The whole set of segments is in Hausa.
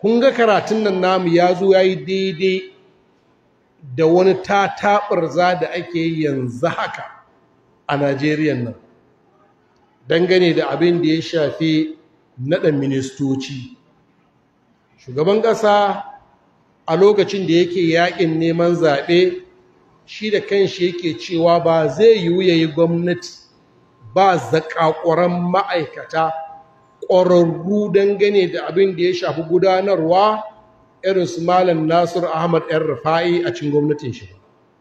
kun ga karatun nan namu ya zo ya yi daidai da wani tataɓarza da ake yi yanzu haka a najeriya nan dangane da abin da ya shafi naɗa ministoci shugaban ƙasa a lokacin da yake yaƙin neman zaɓe shi da kanshi yake cewa ba zai yiwu ya gwamnati ba zakakuran ma'aikata ƙwararru dangane da abin da ya shafi gudanarwa irin su malam Nasiru ahmad yan rufa'i a cin gwamnatin shi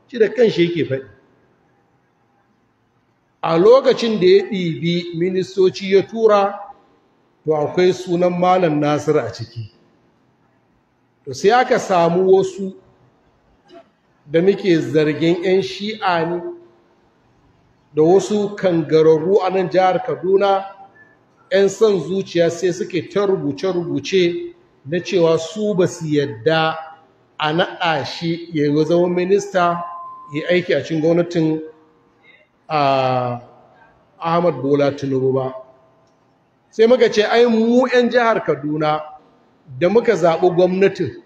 shi da kanshi yake faɗi a lokacin da ya ɗibi ministoci ya tura to akwai sunan malam Nasiru a ciki to sai aka samu wasu da muke zargin 'yan shi'a ne da wasu kangararru a nan jihar kaduna 'yan son zuciya sai suke ta rubuce-rubuce na cewa su ba su yadda a naɗa shi ya yi zama minista ya aiki a cin gwamnatin ahmad bola tinubu ba sai muka ce ai mu 'yan jihar kaduna da muka zaɓi gwamnatin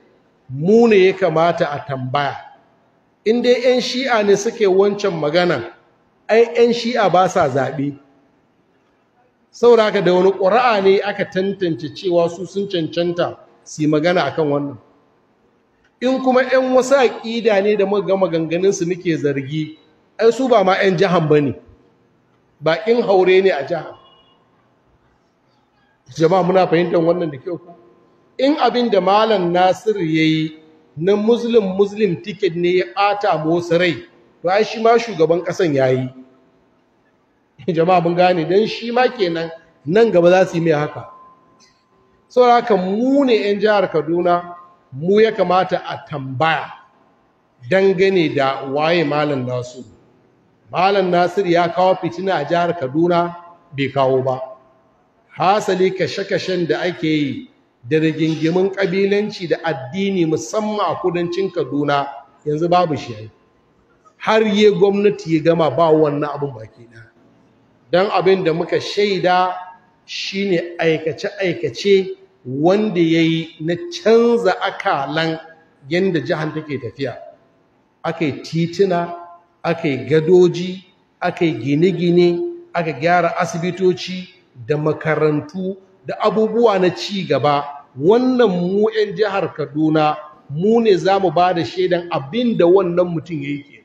mu ne ya kamata a tambaya Inda 'yan shi'a ne suke wancan magana ai 'yan shi'a ba sa zaɓe saboda haka da wani ƙura'a ne aka tantance cewa su sun cancanta su yi magana a kan wannan in kuma 'yan wasu aƙida ne da muka maganganunsu muke zargi ai su ba ma 'yan jihan ba ne baƙin haure ne a jiha jama'a muna fahimtar wannan da kyau in abin da malam nasir ya yi na muslim muslim tiket ne ya ɓata musu rai to shi ma shugaban ƙasan ya yi jama'a mun gane don shi ma kenan nan gaba za su yi mai haka saboda haka mu ne 'yan jihar kaduna mu ya kamata a tambaya dangane da waye malam nasu malam nasir ya kawo fitina a jihar kaduna bai kawo ba hasali kashe-kashen da ake yi da rigingimin ƙabilanci da addini musamman a kudancin kaduna yanzu babu shi har yi gwamnati ya gama ba wannan abin baki ɗaya don abin da muka shaida shine aikace-aikace wanda ya yi na canza akalan yadda jihar take tafiya aka yi titina aka gadoji aka gine-gine aka gyara asibitoci da makarantu da abubuwa na ci gaba wannan mu 'yan jihar kaduna mu ne za mu ba da shaidan abin da wannan mutum ya yi ke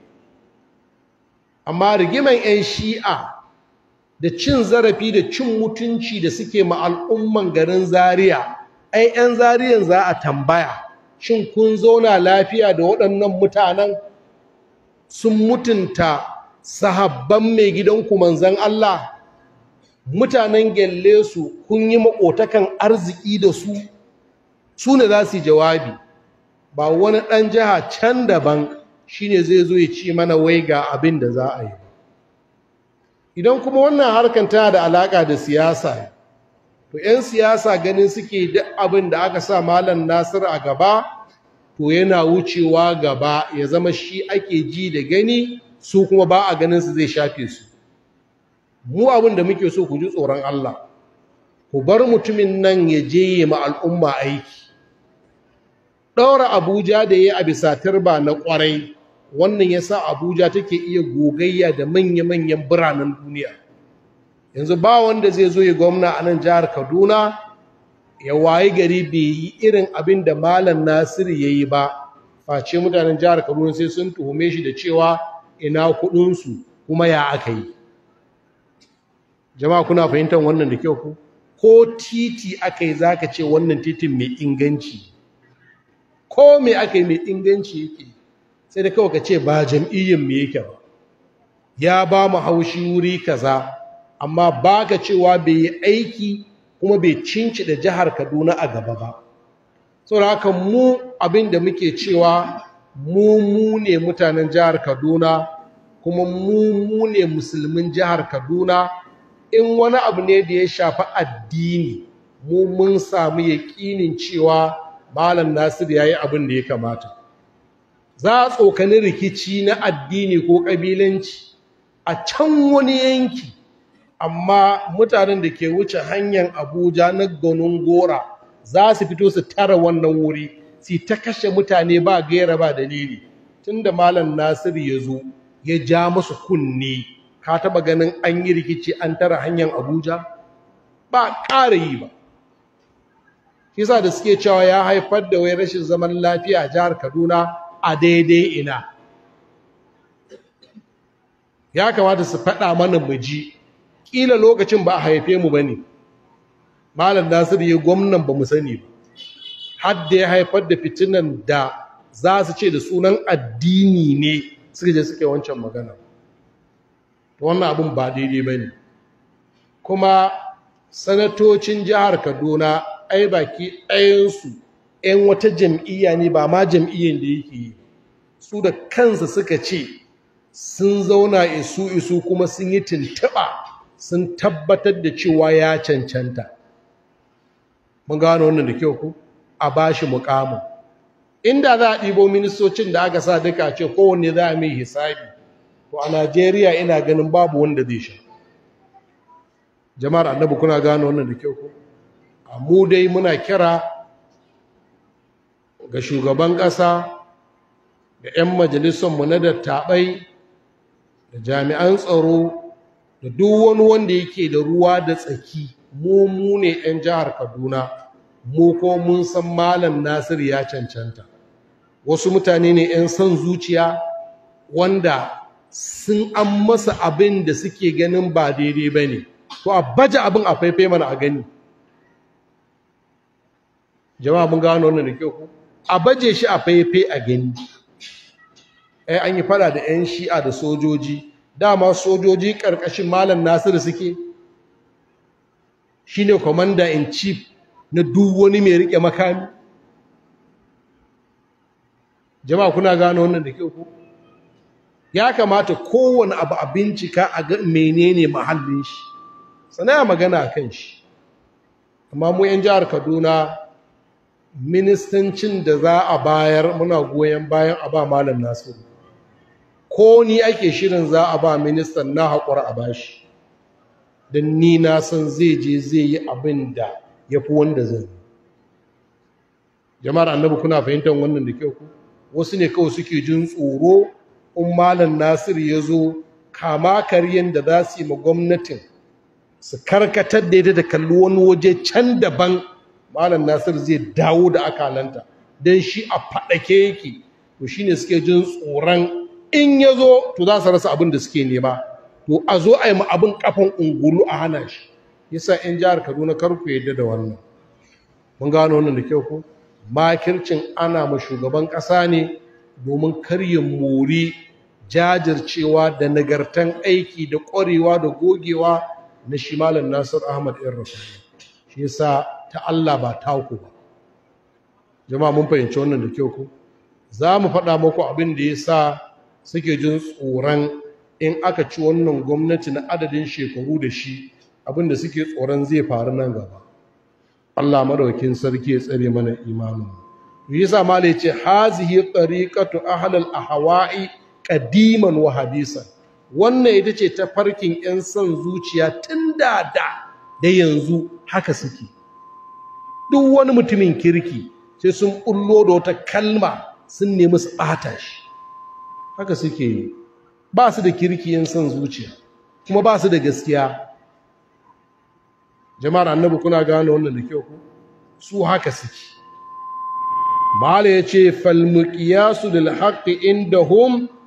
amma rigiman 'yan shi'a da cin zarafi da cin mutunci da suke ma al'umman garin zaria ai 'yan zariyan za a tambaya shin kun zauna lafiya da waɗannan mutanen sun mutunta sahabban mai gidanku manzan Allah mutanen gelle su kun yi maƙotakan arziki da su su ne za su jawabi ba wani ɗan jiha can daban shine zai zo ya ci mana wai ga abin da za a yi idan kuma wannan harkar tana da alaka da siyasa to 'yan siyasa ganin suke duk abin da aka sa malam nasir a gaba to yana wucewa gaba ya zama shi ake ji da gani su kuma ba a ganin su zai shafe su mu abin da muke so ku ji tsoron Allah ku bar mutumin nan ya je ma al'umma aiki ɗaura abuja da ya a bisa turba na ƙwarai wannan ya sa abuja take iya gogayya da manya-manyan biranen duniya yanzu ba wanda zai zo ya gwamna a nan jihar kaduna ya wayi gari bai yi irin abin da malam nasiru ya yi ba face mutanen jihar kaduna sai sun tuhume shi da cewa ina kudinsu kuma ya aka yi jama'a kuna fahimtar wannan da kyau ku ko titi aka yi za ka ce wannan titin mai inganci ko mai aka yi mai inganci yake sai da kawai ka ce ba jam'iyyin mu yake ba ya ba mu haushi wuri kaza amma ba ka cewa bai yi aiki kuma bai cinci da jihar kaduna a gaba ba saboda haka mu abin da muke cewa mu mu ne mutanen jihar kaduna kuma mu mu ne musulmin jihar kaduna in wani abu ne da ya shafi addini mu mun samu yaƙinin cewa malam Nasiru ya yi abin da ya kamata za a tsokani rikici na addini ko ƙabilanci a can wani yanki amma mutanen da ke wuce hanyar abuja na gonon gora za su fito su tara wannan wuri su ta kashe mutane ba gaira ba dalili tunda malam nasiru ya zo ya ja musu kunne ka taba ganin an yi rikici an tara hanyar abuja ba ƙara yi ba kisa da suke cewa ya haifar da wai rashin zaman lafiya a jihar kaduna a daidai ina ya kamata su faɗa mana maji ƙila lokacin ba a haife mu ba ne malam nasiru ya gwamnan ba mu sani ba hadda ya haifar da fitinan da za su ce da sunan addini ne suka je suke wancan magana wannan abin ba daidai ba ne kuma sanatocin jihar kaduna ai baki ɗayansu 'yan wata jam'iyya ne ba ma jam'iyyar da yake yi su da kansa suka ce sun zauna isu isu kuma sun yi tuntuɓa sun tabbatar da cewa ya cancanta mun gano wannan da kyau ku a bashi mukamin inda za a ɗibo ministocin da aka sa duka ce kowanne za a mai hisabi to a najeriya ina ganin babu wanda zai sha jama'ar annabu kuna gano wannan da kyau ku mu dai muna kira ga shugaban ƙasa da 'yan majalisunmu na dattaɓai da jami'an tsaro da duk wani wanda yake da ruwa da tsaki mu mu ne 'yan jihar kaduna mu ko mun san malam Nasiru ya cancanta wasu mutane ne 'yan son zuciya wanda sun an masa abin da suke ganin ba daidai ba ne to a baje abin a faifai mana a gani jama'a mun gano wannan da kyau ku a baje shi a faife a gani ai eh, an yi fara da 'yan shi'a da sojoji dama sojoji ƙarƙashin malam nasiru suke shi ne commander in chief na duk wani mai riƙe makami jama'a kuna gano wannan da kyau ya kamata kowane abu a bincika a ga menene mahallin shi sanaya magana kan shi amma mu 'yan jihar kaduna ministancin da za a bayar muna goyon bayan a ba malam nasiru ko ni ake shirin za a ba ministan na haƙura a bashi don ni na san zai je zai yi abin da ya fi wanda zan yi jama'ar annabi kuna fahimtar wannan da kyau wasu ne kawai suke jin tsoro in malam nasiru ya zo kama karyen da za su yi ma gwamnatin su karkatar da ita da kalli wani waje can daban malam nasir zai dawo da akalanta don shi a faɗake yake to shine suke jin tsoron in ya zo to za su rasa abin da suke nema to a zo a yi ma abin kafan ungulu a hana shi yasa 'yan jihar kaduna karku yadda da wannan mun gano wannan da kyau ko makircin ana ma shugaban ƙasa ne domin karyin mori jajircewa da nagartan aiki da ƙwarewa da gogewa na shi malam nasir ahmad yan shi yasa ta Allah ba taku ba jama'a mun fahimci wannan da kyau ko za mu faɗa muku abin da ya sa suke jin tsoron in aka ci wannan gwamnati na adadin shekaru da shi abin da suke tsoron zai faru nan gaba Allah maɗaukin sarki ya tsare mana imanin yasa malai ce hazihi tariqatu ahlal ahwa'i qadiman wa hadisan wannan ita ce ta farkin 'yan son zuciya tun da da da yanzu haka suke duk wani mutumin kirki sai sun ɓullo da wata kalma sun nemi su ɓata shi haka suke yi ba su da kirki yin son zuciya kuma ba su da gaskiya jama'ar annabu kuna gane wannan da kyau ku su haka suke mala ya ce su da haƙƙi inda hum